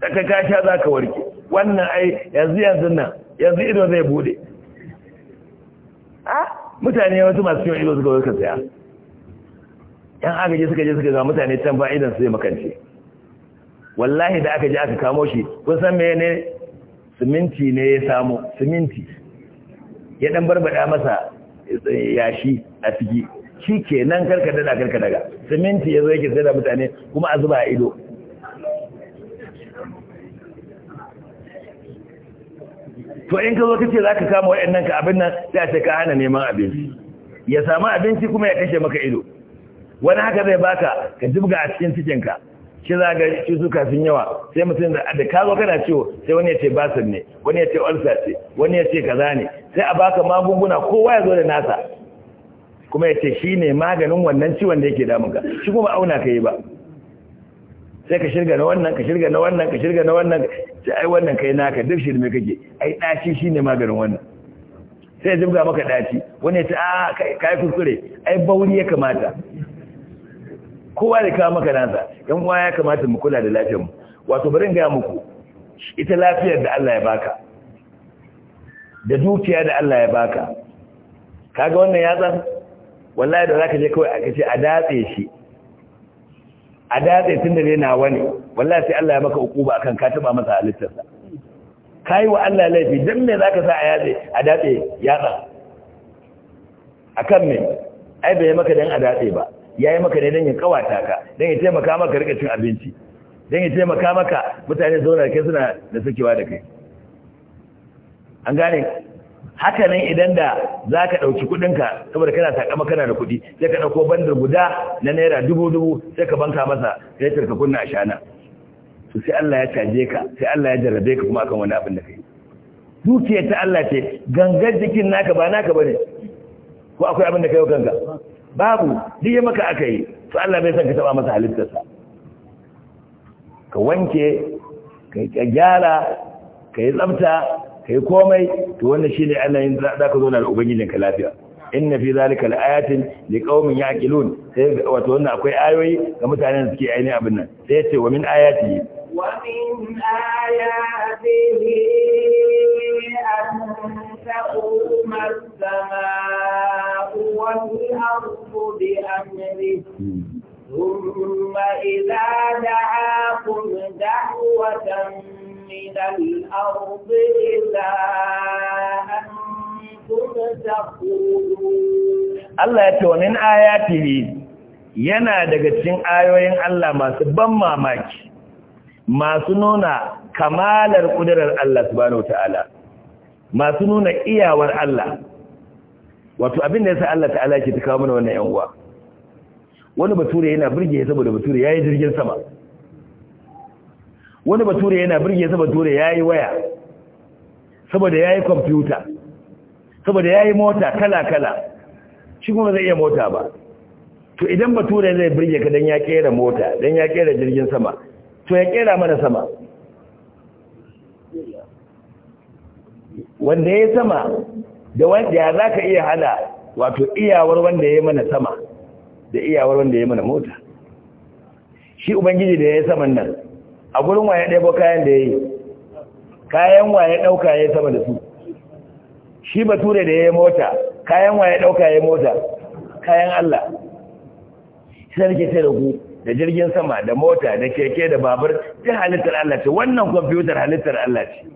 daga ka sha zaka warke wannan ai yanzu yanzu nan yanzu ido zai bude a ah, mutane wasu masu ciwon ido suka warka saya yan agaji suka je suka ga mutane can ba idan su zai makance wallahi da aka je aka kamo shi kun san me ne siminti ne ya samu siminti ya dan barbada masa yashi a ciki shi ke nan karka daga karka daga siminti ya zo yake sai da mutane kuma a zuba a ido to in ka zo kace za ka kama waɗannan ka abin nan sai ce ka hana neman abinci ya samu abinci kuma ya kashe maka ido wani haka zai baka ka jibga a cikin cikinka shi za ga cutuka sun yawa sai mutum da da ka zo kana ciwo sai wani ya ce basir ne wani ya ce ulcer ce wani ya ce kaza ne sai a baka magunguna kowa ya zo da nasa kuma ya ce shi ne maganin wannan ciwon da yake damunka shi kuma auna ka yi ba sai ka shirga na wannan ka shirga na wannan ka shirga na wannan sai ai wannan kai naka duk shi mai kake ai ɗaci shi ne maganin wannan sai zubga maka ɗaci, wani ya ce a ah, kai kuskure ai bauri ya kamata kowa da kawo maka nasa yan uwa ya kamata mu kula da lafiyar mu wato bari in ga muku ita lafiyar da Allah ya baka da dukiya da Allah ya baka kaga wannan tsan wallahi da zaka je kawai aka ce a datse shi a datse tun da rena wani wallahi sai Allah ya maka ukuba akan ka taba masa halittarsa kai wa Allah laifi dan me zaka sa a yatse a datse yatsa akan me ai bai maka dan a datse ba yayi maka ne dan ya kawata ka dan ya taimaka maka rika cin abinci dan ya taimaka maka mutane zauna kai suna da sakewa da kai an gane haka nan idan da za ka ɗauki kuɗinka saboda kana sakama kana da kuɗi sai ka ɗauko bandar guda na naira dubu-dubu sai ka banka masa sai ka kunna a shana to sai Allah ya caje ka sai Allah ya jarrabe ka kuma akan wani abin da kai dukiyar ta Allah ce gangar jikin naka ba naka ba ne, ko akwai abin da kai kanka babu duk yi maka aka yi to Allah bai san ka taba masa halittarsa ka wanke ka gyara ka yi tsafta kai komai to wannan shine Allah yin ka zo na ubangijinka lafiya inna fi zalika alayatin liqaumin yaqilun sai wato wannan akwai ayoyi ga mutanen da suke aini abin nan sai yace wa min ayati wa min ayatihi an taquma as-samaa'u wal ardu bi amrihi ثم إذا دعاكم دعوة من الأرض إلا أنتم تقولون الله يتومن آياته yana daga cikin ayoyin Allah masu ماك ما سنونا كمال القدر الله سبحانه وتعالى ما سنونا إيا iyawar الله wato abin da yasa Allah ta'ala ke ta kawo mana wannan yan uwa wani bature yana burge saboda bature yayi jirgin sama wani bature yana birge sa bature yayi waya saboda yayi kwamfuta saboda yayi mota kala kala shi kuma zai iya mota ba to idan bature zai birge ka dan ya kera mota dan ya kera jirgin sama to ya kera mana sama wanda ya sama da wanda za ka iya hada wato iyawar wanda ya mana sama da iyawar wanda ya mana mota shi ubangiji da ya saman nan a gurin waye ɗebo kayan da ya yi kayan waye ɗauka ya sama da su shi bature da ya yi mota kayan waye ɗauka ya yi mota kayan Allah sai nake sai da ku da jirgin sama da mota da keke da babur ta halittar Allah ce wannan kwamfutar halittar Allah ce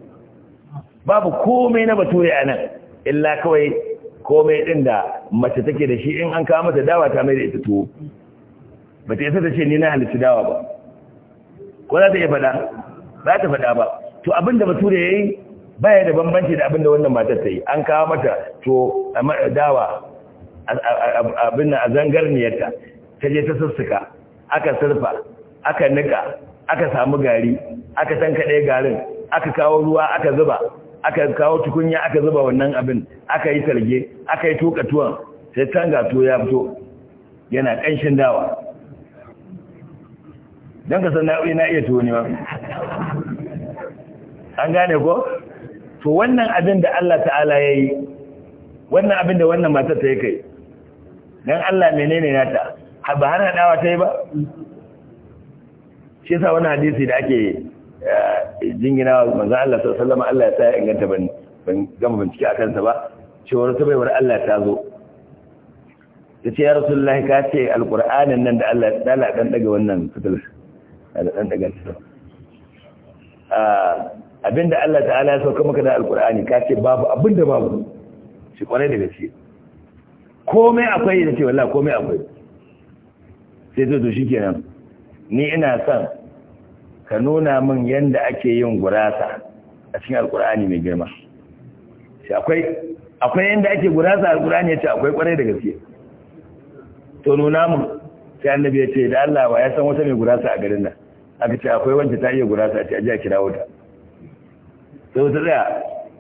babu komai na bature a nan illa kawai komai ɗin da mace take da shi in an kawo mata dawa ta mai da ita tuwo ba ta isa ta ce ni na halitta dawa ba ko za ta iya faɗa ba ta faɗa ba to abin da bature ya baya da bambanci da abin da wannan matar ta yi an kawo mata to dawa abin a zangarniyarta ta je ta sassuka, aka surfa aka nika aka samu gari aka tankaɗe garin aka kawo ruwa aka zuba aka kawo tukunya aka zuba wannan abin aka yi sarge aka yi tuka tuwon sai tanga to ya fito yana ƙanshin dawa don ka san na iya tuwo ne ba an gane ko to wannan abin da Allah ta'ala ya yi wannan abin da wannan matar ta yi kai don Allah menene nata ba har haɗawa ta yi ba shi sa wani hadisi da ake eh, jingina manzan Allah sau sallama Allah ya sa inganta ban gama bincike a kansa ba cewar ta baiwar Allah ta zo ta ce ya rasu Allah ka ce alƙur'anin nan da Allah ya tsala ɗan ɗaga wannan fitilar da ɗan daga cikin abinda Allah ta'ala ya sauka maka da alkur'ani ka ce babu abinda babu shi kwarai da gaske komai akwai da ce wallah komai akwai sai to to kenan ni ina son ka nuna min yanda ake yin gurasa a cikin alkur'ani mai girma shi akwai akwai yanda ake gurasa alkur'ani ya ce akwai kwarai da gaske to nuna min sai annabi ya ce da Allah wa ya san wata mai gurasa a garin nan aka ce akwai wancan ta iya gurasa ce a ji a kira wuta sai wata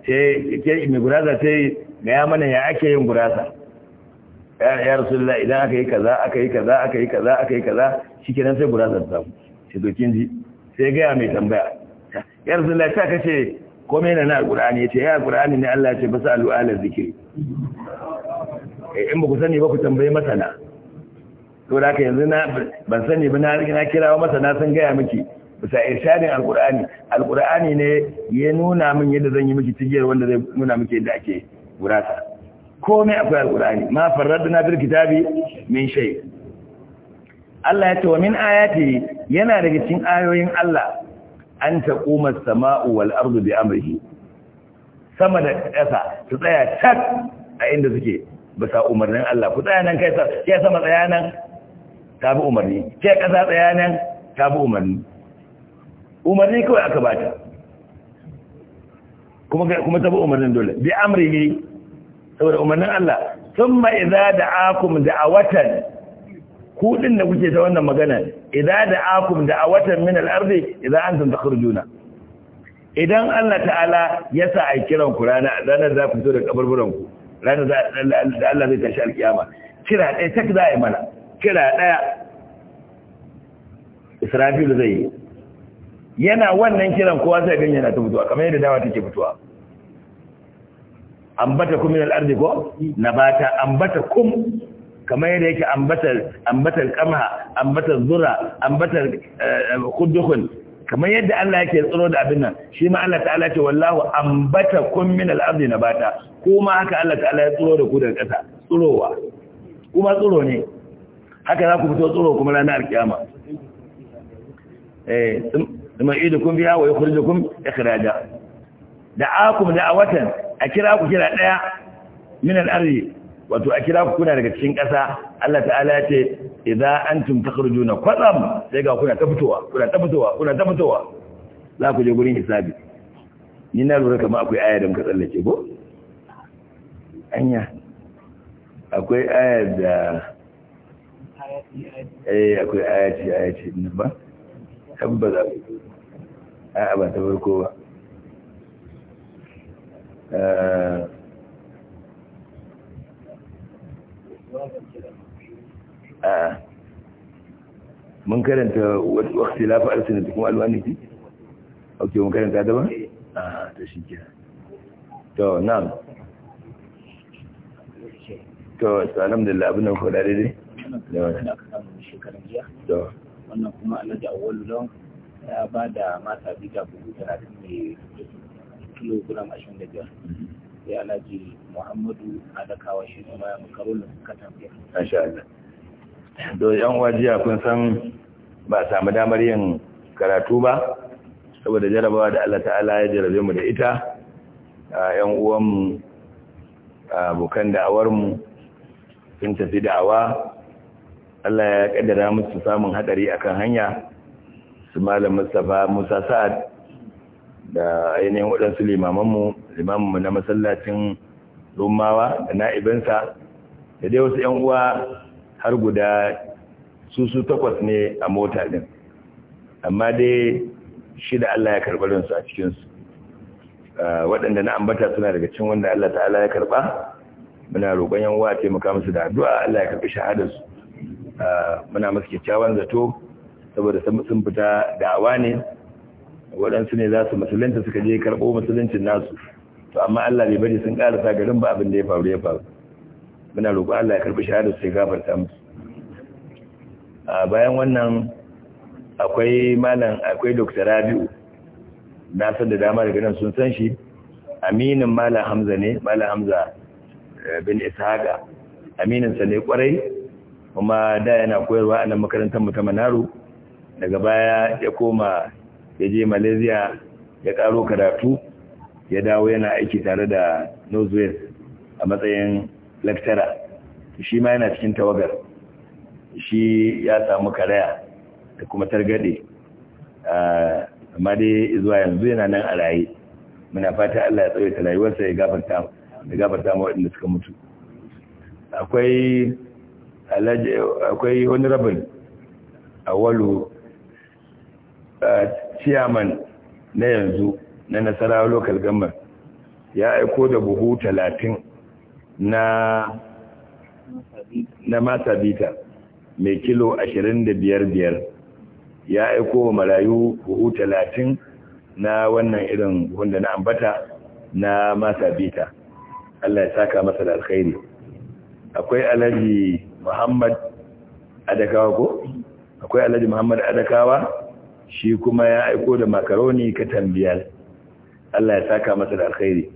tsaya ce mai gurasa ta yi ya mana ya ake yin gurasa ya rasulullah idan aka yi kaza aka yi kaza aka yi kaza aka yi kaza shi kenan sai gurasa ta samu ce dokin ji sai gaya mai tambaya ya rasulullah ta kace kome na na qur'ani ce ya qur'ani ne Allah ya ce basalu ala zikri eh, in ba ku sani ba ku tambaye masana to da ka yanzu ban sani ba na na kirawo masa na san gaya miki bisa irshadin alqur'ani alqur'ani ne ya nuna min yadda zan yi miki tijiyar wanda zai nuna miki yadda ake gurasa komai akwai alqur'ani ma farradna fil kitabi min shay Allah ya ce wa min ayati yana daga cikin ayoyin Allah an taquma as-sama'u wal ardu bi amrihi sama da ƙasa su tsaya tak a inda suke bisa umarnin Allah ku tsaya nan kai sa ya sama tsaya nan ta bi umarni ce ƙasa tsaya nan ta bi umarni umarni kawai aka bata kuma ta bi umarnin dole bi amri ne saboda umarnin Allah sun ma iza da akum da a watan kudin da kuke ta wannan magana iza da akum da a watan min al'arzi iza an tun takar juna idan Allah ta'ala ya sa a kiran ku ranar za ku fito da kabarburanku ranar da Allah zai tashi alkiyama kira ɗaya tak za a yi mana kira ɗaya israfil zai yi yana wannan kiran kowa sai ganye na ta mutuwa kamar yadda dawa take mutuwa ambata kum min al-ardi ko nabata ambata kum kamar yadda yake ambatar ambatar qamha ambatar zura ambatar eh, khudukhun kamar yadda Allah yake tsiro da abin nan shi ma Allah ta'ala ce wallahu ambata kum min al-ardi nabata kuma haka Allah ta'ala ya tsiro da ku daga ƙasa tsirowa kuma tsiro ne haka za ku fito tsoro kuma ranar alkiyama eh kuma idukum biha wa yukhrijukum ikhraja da'akum da'awatan a kira ku kira daya min al-ardi wato a kira ku kuna daga cikin ƙasa Allah ta'ala ya ce idza antum takhrujuna qadam sai ga kuna tafitowa kuna tafitowa kuna tafitowa za ku je gurin hisabi ni na lura kamar akwai aya da muka tsallake ko anya akwai aya da eh akwai ayaci ayaci din ba tabbata a ba ta farko ba eh, a mun karanta wakti lafi arsinati kuma alwaniki ok mun karanta ta ba? a ta shi kira to nan to salam da labin kodare. kuɗa wannan fulawar da aka samu kuma alhaji awwalu don ya ba da mata biga buhu talatin mai kilogram ashirin da biyar mhm. sai alhaji muhammadu adakawa shi kuma ya makaro da katan biyar masha yan wajiya kun san ba samu damar yin karatu ba saboda jarabawa da Allah ta'ala ya jarabe mu da ita yan uwanmu abokan da'awarmu sun tafi da'awa Allah ya kaddara musu samun hadari akan hanya su malam Mustafa Musa Sa'ad da ainihin waɗansu limamanmu limamanmu na masallacin Rumawa da na'ibinsa da dai wasu ‘yan uwa har guda su su takwas ne a mota ɗin amma dai shi da Allah ya karɓarinsu a cikinsu waɗanda na ambata suna daga cikin wanda Allah ta'ala ya karɓa muna roƙon yan uwa taimaka musu da addu'a Allah ya karɓi su. muna masu kyakkyawan zato saboda sun fita da'awa ne waɗansu ne za su musulunta suka je karɓo musuluncin nasu to amma Allah bai bari sun ƙarasa garin ba abin da ya faru ya faru muna roƙo Allah ya karɓi shahadar sai gafarta musu a bayan wannan akwai malam akwai Dr. Rabi'u na san da dama daga nan sun san shi aminin malam Hamza ne malam Hamza eh, bin Ishaqa aminin sa ne kwarai kuma da yana koyarwa a nan makarantar mu ta Manaro daga baya ya koma ya je Malaysia ya karo karatu ya dawo yana aiki tare da Northwest a matsayin lecturer shi ma yana cikin tawagar shi ya samu karaya da kuma targade amma dai zuwa yanzu yana nan a raye muna fata Allah ya tsawaita rayuwarsa ya gafarta ma waɗanda suka mutu akwai akwai wani rabin a walu. ciyaman na yanzu na nasarawa local government ya aiko da buhu talatin na na masabita mai kilo ashirin da biyar biyar ya aiko wa marayu buhu talatin na wannan irin buhun da na ambata na masabita Allah ya saka masa da alkhairi akwai alaji muhammad adakawa ko akwai alhaji muhammad adakawa shi kuma ya aiko da makaroni ka biyar Allah ya saka masa da alkhairi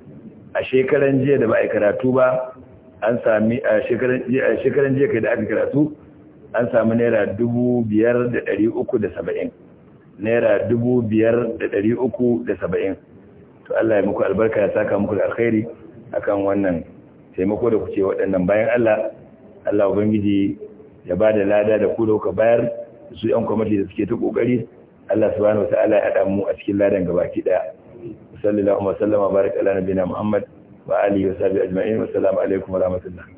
a shekaran jiya da ba a karatu ba an sami a shekaran jiya kai da aka karatu an sami naira dubu biyar da naira dubu to Allah ya muku albarka ya saka muku da alkhairi akan wannan taimako da kuce waɗannan bayan Allah Allah ubangiji ya ba da lada da ku dauka bayar su yan kwamati da suke ta ƙoƙari. Allah subhanahu wataala ya hada mu a cikin ladan gabaki daya sallallahu alaihi wa sallama baraka ala nabiyina muhammad wa alihi wa sahbihi ajma'in wa assalamu alaikum wa rahmatullah